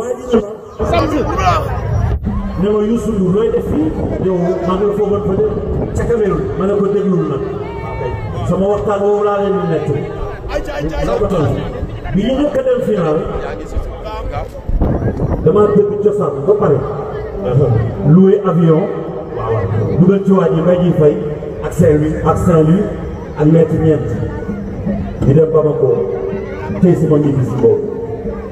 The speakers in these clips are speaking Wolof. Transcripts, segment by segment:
waaye di ñu ma samedi ne ma Youssou Ndour looy def fii yow maa ngi la foogoon fa ma ne ko déglul na sama waxtaan woowu laa leen di bi ñu njëkk a dem final dama dégg cosaan ba pare loué avion dugal ci waaj yi may ji ak saint ak saint ak ñeenti ñeent ñu dem Bamako tey sama ñibbi si boobu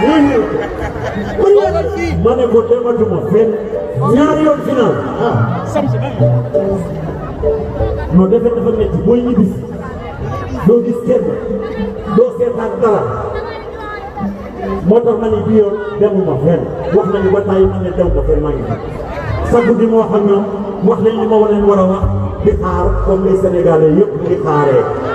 ma ne ko dematuma fenn ñaari yoon final ah. non defet dafa métti booy ñibbi doo gis kenn doo seetaan dara moo tax ma ne bii yoon demuma fenn wax nañu ba tàyyi ma ne demuma fenn maa ngi fi guddi ma wax ak ñoom wax nañ ma war a war a wax di xaar comme les Sénégalais yëpp